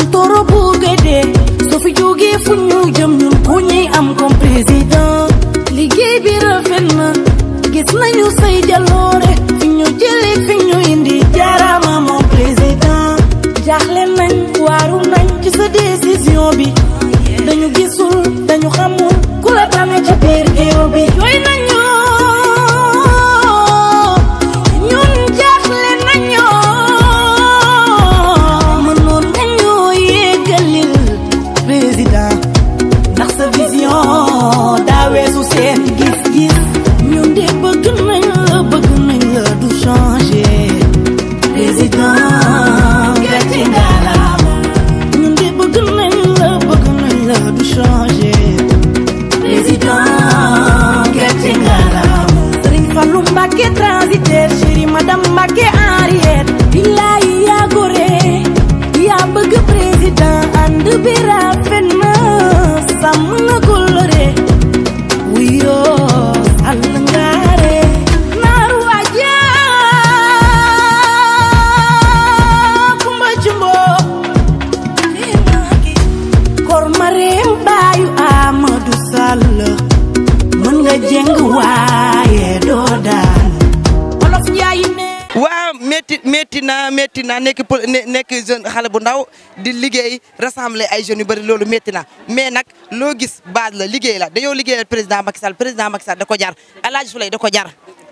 tontóoro bu gëdee soo fi jógee fu ñu jëm ñun ku ñuy am comme président liggéey bi rafet na gis nañu say jaloore fi ñu jëlee fi ñu indi jaaraama moom président jaaxle nañ waaru nañ ci sa décision bi dañu gisul dañu xamul ku la tànn ci biir géew gis-gis ñun de bëgg nañ la bëgg nañ la du changé président gàcce ngalaama ñun de bëgg nañ la bëgg nañ la du changé président gàcce ngalaama Sëriñ Fallu Mbàkke transitaire chéri madame Mbàkke arrière billaay yaa gore yaa bëgg président ànd bi rafet na métti na nekk nekk jeune xale bu ndaw di liggéey rassembler ay jeunes yu loolu métti na mais nag loo gis base la liggéey la dañoo liggéeyal président Macky Sall président Macky Sall da ko jar El Hadj da ko jar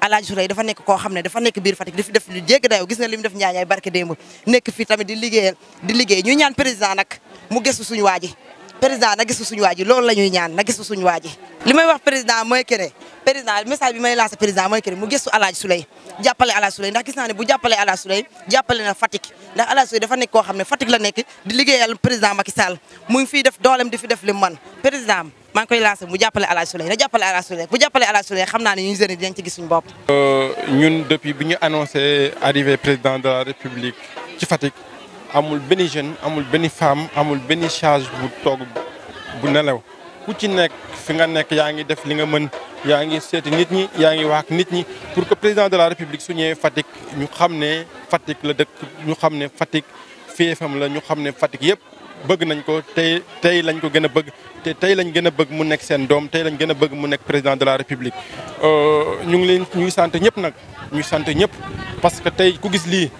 El Hadj dafa nekk koo xam ne dafa nekk biir Fatick di def lu jégg gis na li mu def njaañaay barke démb nekk fii tamit di liggéeyal di liggéey ñu ñaan président nag mu gëstu suñu waa ji président na gisu suñu waa ji loolu la ñuy ñaan na gisu suñu waa ji li may wax président mooy que président message bi may lancer jàppale Alla Souley ndax gis naa ne bu jàppale Alla Souley jàppale na Fatick ndax Alla dafa nekk koo xam ne Fatick la nekk di liggéeyal président Macky Sall mu ngi fiy def doolem di fi def li mu mën président maa koy lancé mu jàppale Alla Souley na jàppale Alla Souley bu jàppale Alla Souley xam naa ne ñu jeunes yi dinañ ci gis suñu bopp. Euh, ñun depuis bi ñu annoncé arrivé président de la République ci Fatick amul benn jeune amul benn femme amul benn charge bu toog bu nelaw ku ci nekk fi nga nekk yaa ngi def li nga mën. yaa ngi seeti nit ñi yaa ngi wax nit ñi pour que président de la république su ñëwee Fatick ñu xam ne Fatick la dëkk ñu xam ne Fatick feefam la ñu xam ne Fatick yëpp bëgg nañ ko tey tey lañ ko gën a bëgg te tey lañ gën a bëgg mu nekk seen doom tey lañ gën a bëgg mu nekk président de la république. Euh, ñu ngi leen ñu sant ñëpp nag ñu sant ñëpp parce que tey ku gis lii.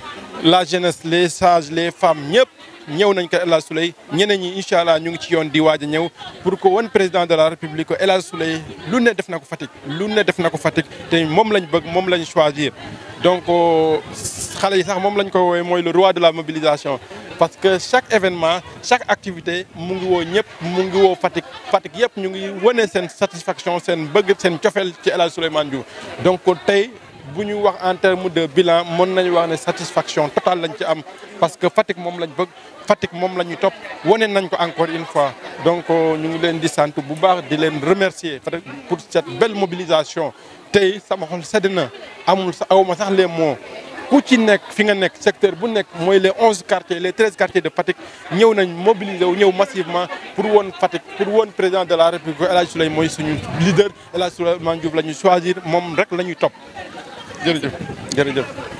la jeunesse les sages les femmes ñëpp ñëw nañ ko El Hadj Souley ñeneen yi incha allah ñu ngi ci yoon di waaja ñëw pour que woon président de la république El Hadj lu ne def na ko Fatick lu ne def na ko Fatick te moom lañ bëgg moom lañ choisir donc euh, xale yi sax moom lañ ko woowee mooy le roi de la mobilisation parce que chaque événement chaque activité mu ngi woo ñëpp mu ngi woo Fatick Fatick yëpp ñu ngi wane seen satisfaction seen bëgg seen cofeel ci El Hadj Souleymane Diouf donc tey bu ñu wax en terme de bilan mën nañu wax ne satisfaction totale lañ ci am parce que Fatick moom lañ bëgg Fatick moom la ñuy topp wane nañ ko encore une fois donc euh, ñu ngi leen di sant bu baax di leen remercier pour cette belle mobilisation tey sama xol sedd na amul sa awma sax les moo ku ci nekk fi nga nekk secteur bu nekk mooy les onze quartiers les treize quartiers de Fatick ñëw nañ mobiliser wu ñëw massivement pour woon Fatick pour woon président de la République El ag Souleye mooy suñu leader El Hadj Souleymane la ñu choisir moom rek la ñuy topp jërëjëf jërëjëf